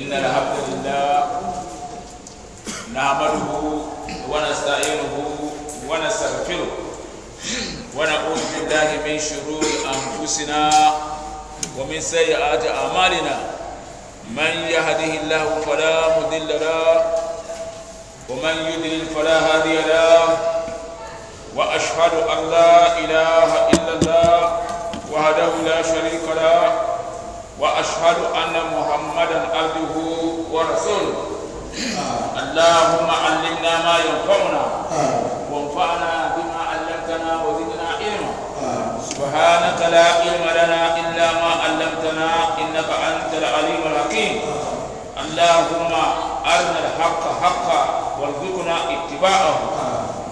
إن الحمد لله نعمله ونستعينه ونستغفره ونعوذ بالله من شرور أنفسنا ومن سيئات أعمالنا من يهده الله فلا مضل له ومن يضلل فلا هادي له وأشهد أن لا إله إلا الله وحده لا شريك له وأشهد أن محمدا عبده ورسوله اللهم علمنا ما ينفعنا وانفعنا بما علمتنا وزدنا علما سبحانك لا علم لنا إلا ما علمتنا إنك أنت العليم الحكيم اللهم أرنا الحق حقا وارزقنا اتباعه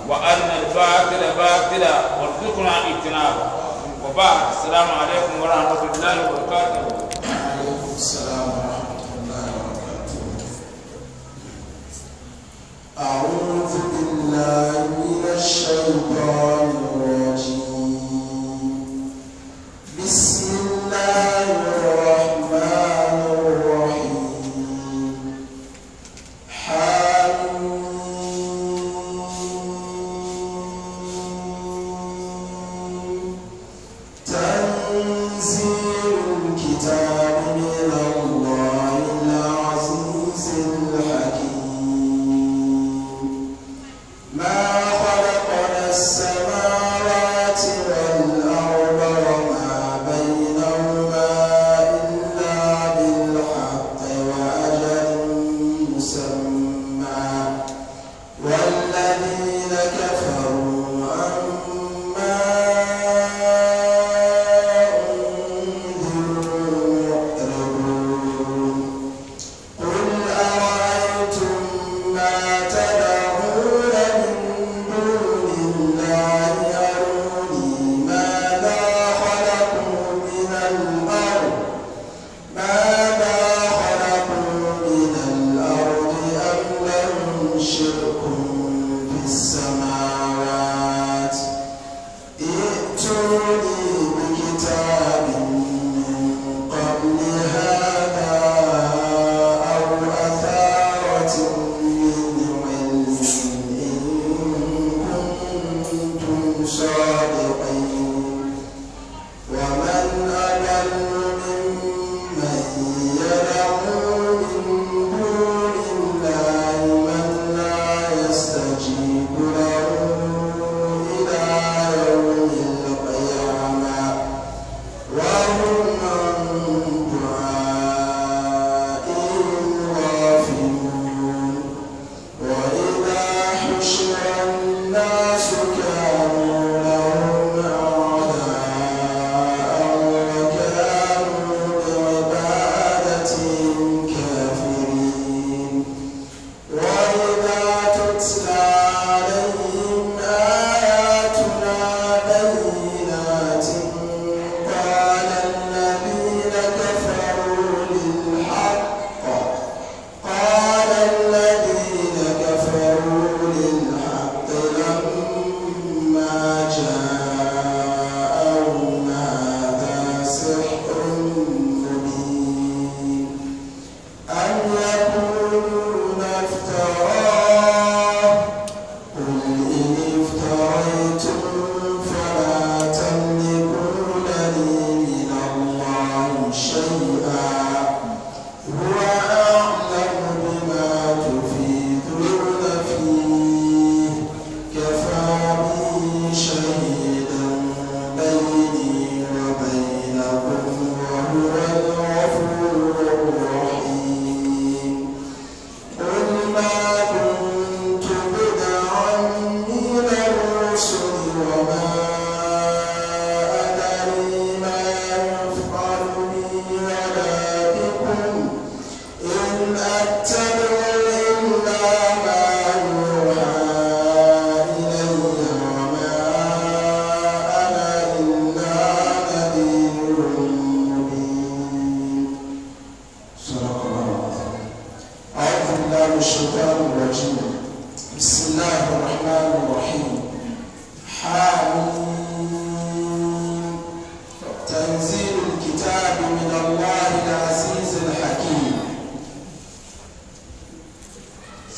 وأرنا الباطل باطلا وارزقنا اجتنابه وبعد السلام عليكم ورحمة الله وبركاته السلام ورحمة الله وبركاته أعوذ بالله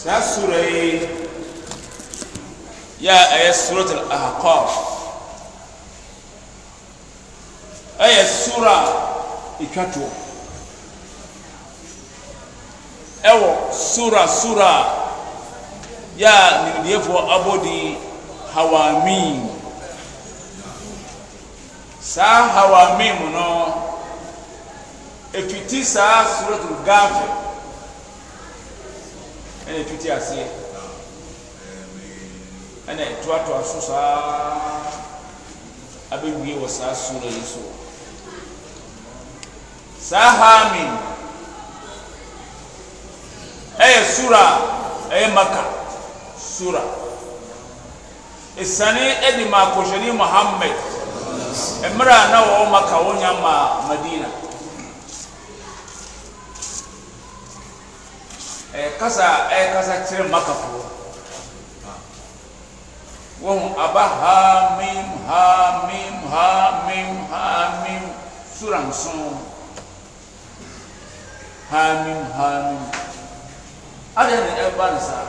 saa sura yi yɛ a ɛyɛ surat al-ahqaf ɛyɛ sura etwa toɔ ɛwɔ sura sura yɛ a nimdiefoɔ abɔdi hawamin saa hawamin mu no efiti saa surat al-gafir. ne tuti asiɛ ɛne tuatwa susa abiwie wa sa sura yesow saa ha mi ɛyɛ sura ayɛ makka sura isani ɛdimakoshɛni muhamad ɛmira anawɔwo maka wo nyam ma madina kasa ɛ kasakrɛ makafoɔ wo aba hami hi him him sansɔ himhim aden ɛbanisa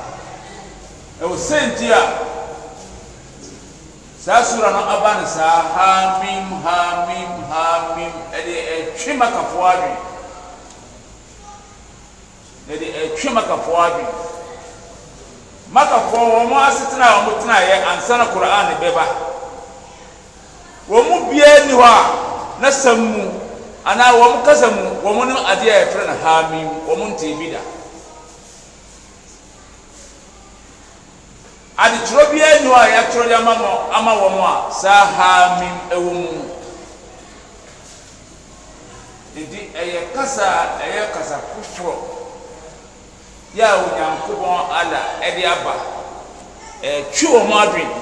ɛwosentia saasuran abanisa hamim h him ade ɛti makafua ɛde atwɛ makafɔɔ a di makafɔɔ wɔ mo asetena wɔmotena yɛ ansanokoraane bɛba wɔ mo bia nni hɔ a na sam mu anaa wɔ m kɛsa mu wɔmone adeɛ ayɛtrɛ ne ha mim wɔ mo nte bida adekyorɛ bia nni hɔ a yɛtyorɔy ama mɔ ama wɔ m a saa haa mi awɔm edi ɛyɛ kasaa ɛyɛ kasa koforɔ yɛ a onyankopɔn ada ɛde aba ɛtwi wɔn adwene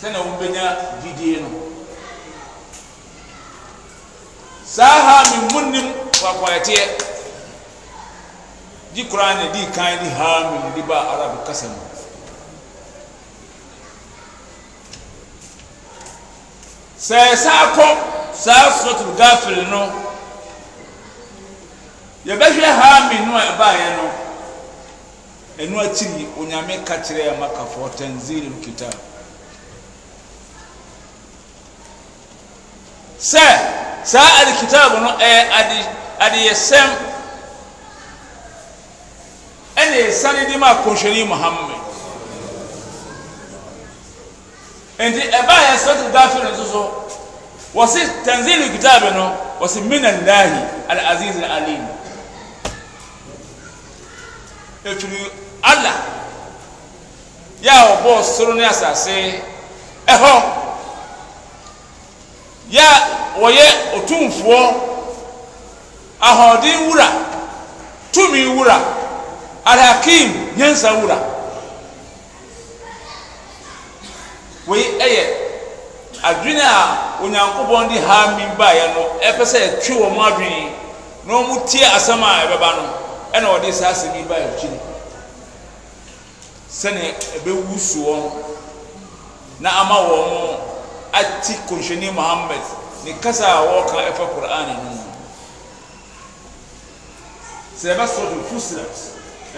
sɛnɛ wɔbɛnya didie no saa ha mi mu nim wakɔɛteɛ di koraa na di kan di ha mi mu di ba arabu kasa mu sɛ saa kɔ saa sɔtul gafil no. yɛbɛhwɛ ha mi a ɛbaeɛ no ɛnu akyiri onyame ka kyerɛ amakafoɔ tanzil kitab sɛ saa adekitab no ɛyɛ ade adeyɛsɛm ɛna yɛsane de ma akɔnhwɛni muhammed nti ɛbaeɛ e sɛto gafe no nso so wɔse tanzil kitab no wɔ min allahi al aziz al ɛfiri allah ya ọbọ soro na asase ɛhɔ ya a wɔyɛ ɔtumfoɔ ahoɔden wura tumi wura alhakim nyansa wura wei ɛyɛ adwene a onyankopɔn de ha mi baeɛ no ɛpɛ sɛ ɛtwe wɔn adwene na wɔn tie asɛm a ɛbɛba no ɛna ɔde saa asɛm yi ba akyiri sɛnea ɛbɛwu su wɔn na ama wɔn ati kɔnhyɛni muhammed ne kasa a wɔreka ɛfa koran no mu sɛ ɛbɛsoro to fusilat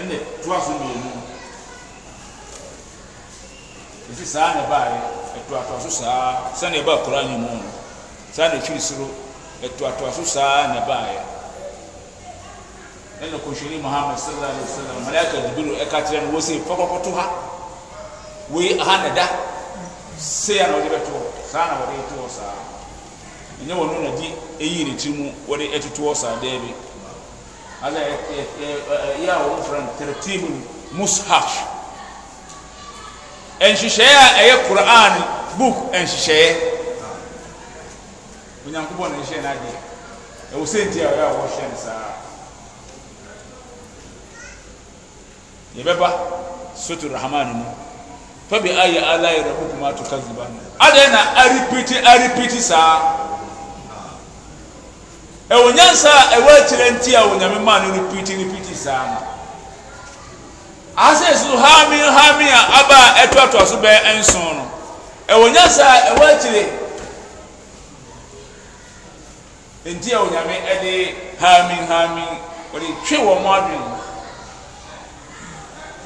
ɛna toa so mmienu ɛfi saa na ɛbaeɛ ɛtoatoa e so saa sɛnea ɛbaa koran mu no saa na ɛfiri soro ɛtoatoa so saa na ɛbaeɛ ɛna kɔhwɛni muhammad sallallahu alaihi wasallam malaika jibril ɛka kyerɛ no wɔsi fa kɔkɔto ha wei aha na da sei eh, eh, eh, a na wɔde bɛto saa na wɔde to saa ɛnyɛ wɔn no na di eyi ne ti mu wɔde ɛtoto saa dɛɛ bi ala ɛ ɛ ɛ yɛ a wɔn fura no tɛrɛtiibu mushaf nhyehyɛeɛ a ɛyɛ kur'an book nhyehyɛeɛ onyankopɔn na nhyɛ n'adeɛ ɛwɔ sɛ nti a ɔyɛ a wɔhyɛ no saa yebeba sutu rahmani mu fabi ayi ala ya rabu kuma to kazi ba ada na aripiti aripiti saa ɛwɔ e nyansa a e ɛwɔ akyerɛ nti a wɔnyame maa no repiti repiti saa no asɛ so hami hami a aba a e ɛtoatoa so bɛyɛ nson no ɛwɔ nyansa a ɛwɔ akyerɛ nti a wɔnyame ɛde hami hami wɔde twe wɔn adwene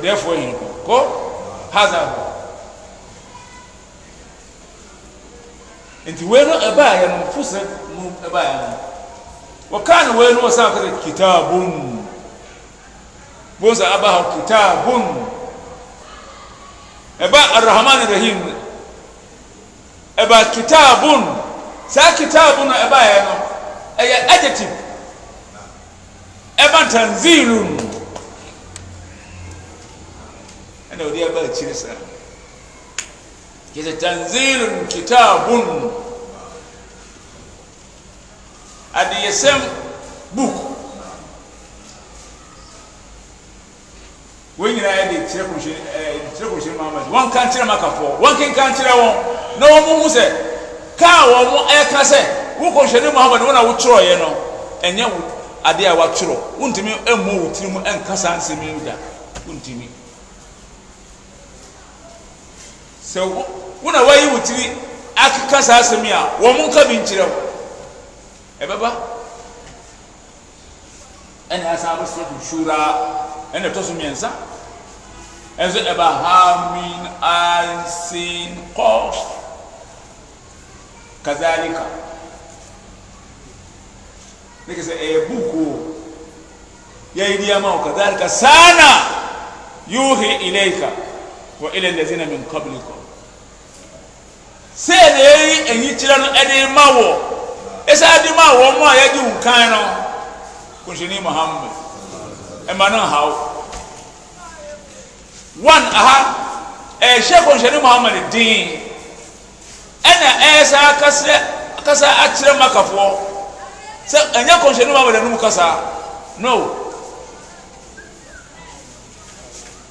d fy k haza nti wɛ ni ɛbayɛn fusɛ n ɛba yɛn wkan wɛ nu wasakd kitabun bsa aba hɔ kitabun ɛba arahmanirahim ɛba kitabun sakitabu ɛbayɛnɔ ayɛ ajetip ɛba tanzilun na ɔde aba akyiri saa kyerɛ tanzilun kitabun adeyɛsɛm book wɔn nyinaa yɛ de kyerɛ kɔmhyɛn ɛɛ kyerɛ kɔmhyɛn mahamadu wɔn ka nkyerɛ makafo kan kenka nkyerɛ wɔn na wɔn mu hu sɛ kaa wɔn ɛka sɛ wɔn kɔmhyɛn mahamadu wɔn a wɔtwerɛ yɛ no ɛnyɛ adeɛ a wɔatwerɛ wɔntumi ɛmmɔ wɔn tirim ɛnkasa nsɛm yi da wɔntumi. wuna wayi wtr akkasas mia wamu kabirɛ ɛbɛba ɛnyasaws sra ɛna ts minsa anz ɛba h min asink aia nk s yk yaramakaia sana uhi iيka wilى لi inli sɛɛ na yɛyi anyikyerɛ no ɛde ma wɔ ɛsɛ de ma wɔ mo a yɛgye wo kan no kɔnhyɛni muhammad ɛma no nhaw one aha ɛhyɛ kɔnhyɛni muhammad din ɛna ɛyɛsɛ akasrɛ akasa akyerɛ makafoɔ sɛ ɛnyɛ kɔnhyɛni muhammad anum kasa no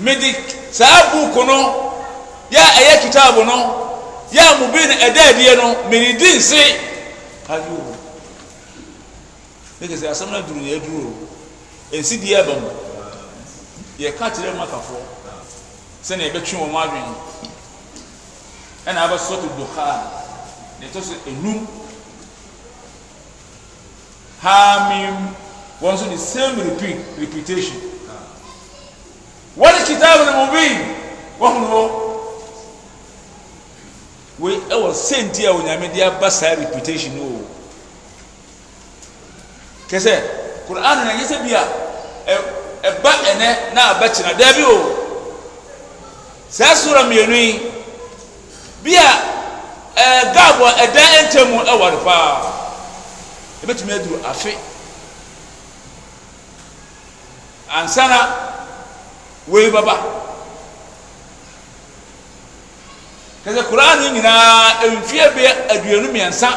mede saa buku no yɛ a ɛyɛ kitaabu no yɛ a mubin ɛda adiɛ no mede di nse kaadi wo ne kese asɛm na duru yɛ duru o nsi di yɛ kyerɛ mu akafoɔ sɛnea yɛbɛtwe wɔn adwene ɛna abɛsɔ to do haa ne to haa mii wɔn nso the same repeat reputation wal kitabul mubin wɔn ho wei ɛwɔ senti a onyame de aba saa reputation no o kɛsɛ kur'an na yɛsɛ bi a ɛba e, e ɛnɛ e na abɛkyina daabi o saa sora mmienu yi Bia, a ɛɛ gaabo a ɛdan ɛntɛ mu ɛwɔre paa ebɛtumi aduru afe ansana. Wee bɛba kɛsɛ koraa ne nyinaa mfie bɛ aduonu mmiɛnsa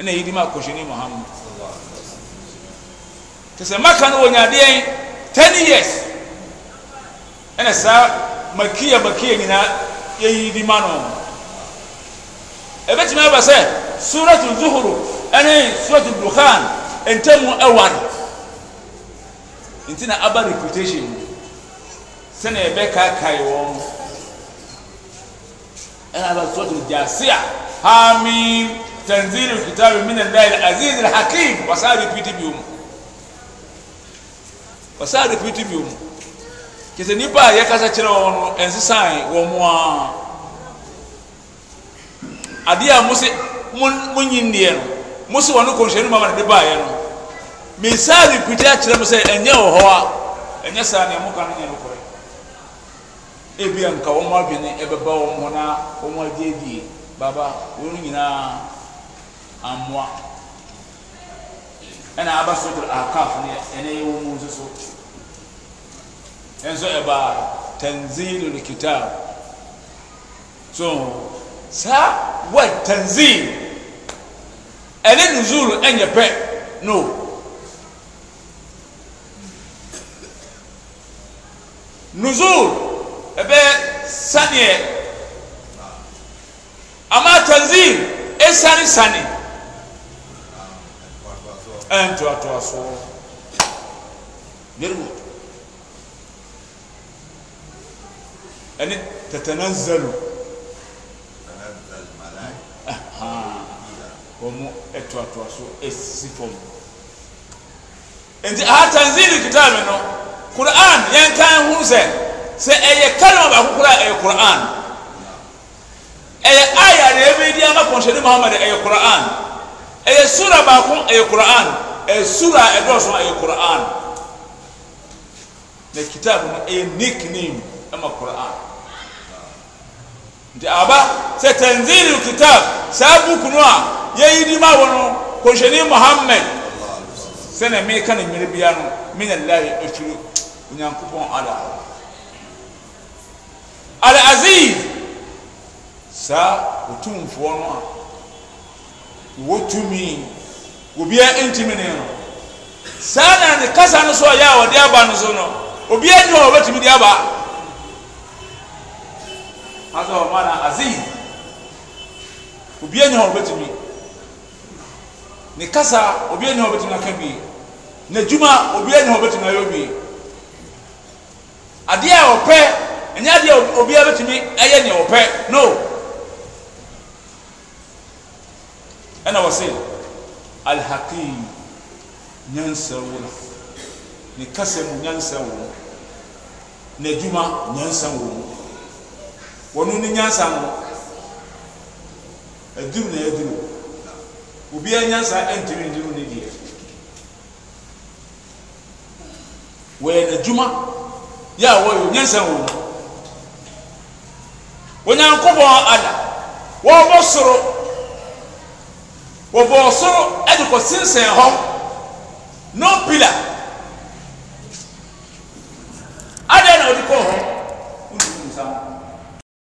ɛna yɛdi ma akɔhyɛni muhammad kɛsɛ maka no wɔnyadeɛn ten years ɛna saa makia makia nyinaa yɛyidi ma no ɛbɛtumi aba sɛ suratul zuhuru ɛne suratul dukhan ntamu aware nti na aba reputation mu sɛnea yɛbɛkaakae wɔn ɛna aba sɔɔto gyaase a haamim tanzilu kitabi min allahi alaziz alhakim Wasa repeat bio mu wɔsaa repeat bio mu kyesɛ nipa a yɛkasa kyerɛ wɔn no ɛnsesan wɔn mu a adeɛ a mo se mo nyi nneɛ no mo se wɔn no kɔnhyɛnni mu ama na de baayɛ no misali pidi akyerɛ mu sɛ ɛnyɛ wɔ hɔ a ɛnyɛ saa nea moka no nyɛ nokorɛ ebia nka wɔn adwene ɛbɛba wɔn ho na wɔn adiedie baba wɔn nyinaa amoa ɛna aba so de akaf no ɛnɛ yɛ wɔn mu nso so ɛnso ɛbaa tanzilul kitab so saa wɔ tanzil ɛne nuzul ɛnyɛ pɛ no. nuzul bɛ saniɛ ama tanzil e sani sani ntuatuaso u ni tatanazalu tuatuaso e f nia tanzilikitami n quran yɛnka hu sɛ sɛ ɛyɛ kane ma baako kora a ɛyɛ quran ɛyɛ aya na yɛbɛdiama kohyɛni muhamad ɛyɛ quran ɛyɛ sura baako ɛyɛ quran ɛyɛ sura ɛdɔ son ɛyɛ quran na kitab no ɛyɛ nikni m ma quran nti aba sɛ tanzilelkitab saa bukuno a yɛyidima wɔ no kɔhyɛni muhamad sɛne me ka ne nnyirɛ bia no minlai ɛwurɛ onyankopɔn ada hɔ al aziz saa otumfoɔ no a wɔ tumi obiara ntumi ne no saa na ne kasa no so a yɛ a wɔde aba no so no obiara nyi hɔ a wɔbɛtumi de aba asɛ ɔma na aziz obiara nyi hɔ a wɔbɛtumi ne kasa obiara nyi hɔ a wɔbɛtumi aka bi n'adwuma obiara nyi hɔ a wɔbɛtumi ayɛ bi adeɛ a ɔpɛ ɛnyɛ adeɛ obiara bɛtumi ɛyɛ nea ɔpɛ no ɛna wɔsi alhakim nyansa wo la ne kasa mu nyansa wo mu n'adwuma nyansa wo mu wɔn ne nyansa no aduru na aduru obiara nyansa ɛntumi nduru ne deɛ wɔyɛ n'adwuma yɛ a wɔyɛ nyansa wɔ mu onyankopɔn ada wɔbɔ soro wɔbɔ soro ɛde kɔ sensɛn hɔ no pillar.